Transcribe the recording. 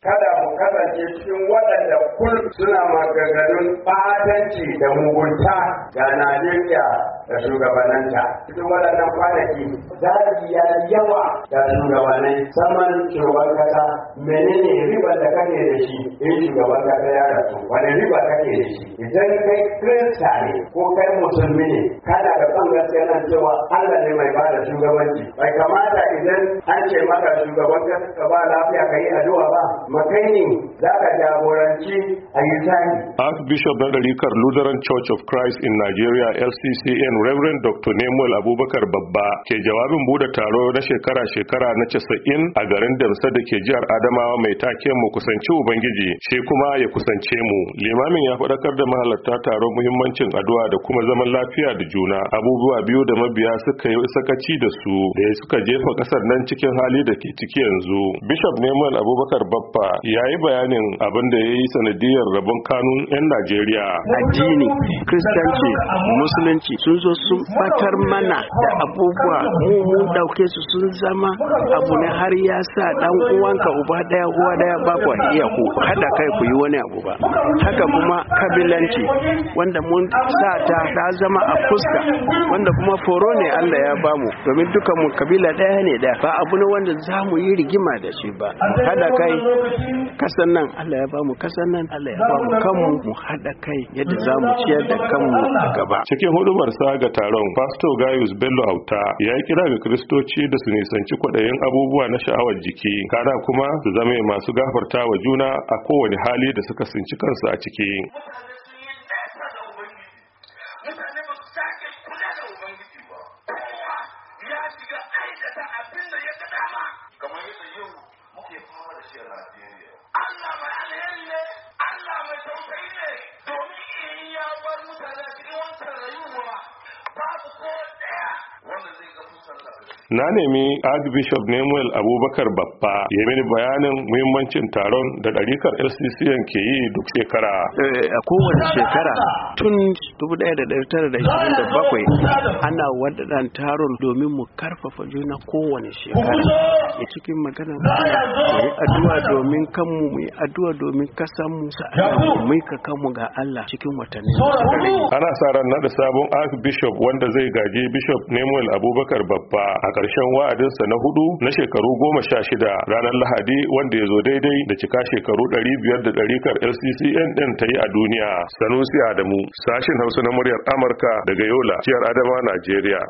kada mu kasance cikin waɗanda kul suna maganganun ɓatanci da mugunta ga Najeriya da shugabanninta. Cikin waɗannan kwanaki, zaki ya yawa da shugabannai saman shugaban kasa menene ribar da kake da shi in shugaban kasa ya rasu wani riba kake da shi idan kai kirista ne ko kai musulmi ne kada ka san gaskiya nan cewa Allah ne mai bada shugabanci bai kamata idan an ce maka shugaban kasa ka ba lafiya ka yi addu'a ba Archbishop na Lutheran Church of Christ in Nigeria LCCN Reverend Dr. Nemuel Abubakar Babba ke jawabin bude taro na shekara-shekara na casa'in a garin Damsa da ke jihar Adamawa mai take mu kusanci Ubangiji shi kuma ya kusance mu. Limamin ya faɗakar da mahalarta taron muhimmancin addu'a da kuma zaman lafiya da juna abubuwa biyu da mabiya suka yi sakaci da su da suka jefa ƙasar nan cikin hali da ke ciki yanzu. Bishop Nemuel Abubakar Babba Mustapha ya yi bayanin abin da ya yi sanadiyar rabon kanun 'yan Najeriya. Addini, Kiristanci, Musulunci sun zo sun batar mana da abubuwa mu mun dauke su sun zama abu ne har ya sa ɗan uwanka uba ɗaya uwa ɗaya ba ku iya ku haɗa kai ku yi wani abu ba. Haka kuma kabilanci wanda mun sa ta ta zama a fuska wanda kuma foro ne Allah ya bamu domin dukan mu kabila ɗaya ne da ba abu ne wanda za mu yi rigima da shi ba. Haɗa kai kasan nan Allah ya ba kasan nan Allah ya ba kanmu mu haɗa kai yadda za mu ciyar da kanmu a gaba cikin sa ga taron pastor Gaius Bello Hauta ya yi kira ga kristoci da su nisanci kwaɗayin abubuwa na sha'awar jiki kada kuma su zama masu gafarta wa juna a kowane hali da suka tsinci kansu a ciki muke fama da shi a Najeriya. Allah mai alheri ne, Allah mai tausayi ne, domin in ya bar mutane cikin wancan rayuwa babu ko ɗaya Na nemi Archbishop Nemuel Abubakar Baffa ya mini bayanin muhimmancin taron da ɗarikar LCC ke yi duk shekara. Eh, a kowace shekara tun 1927 ana waɗannan taron domin mu karfafa juna kowane shekara. a cikin magana mu yi addu'a domin kanmu mu addu'a domin kasanmu mu yi kanmu ga Allah cikin watanni ana sa ran da sabon archbishop wanda zai gaji bishop Nemuel Abubakar babba a ƙarshen wa'adinsa na hudu na shekaru goma sha shida ranar Lahadi wanda ya zo daidai da cika shekaru ɗari biyar da ɗarikar LCCN ɗin ta yi a duniya Sanusi Adamu sashin Hausa na muryar Amurka daga Yola jihar Adama Najeriya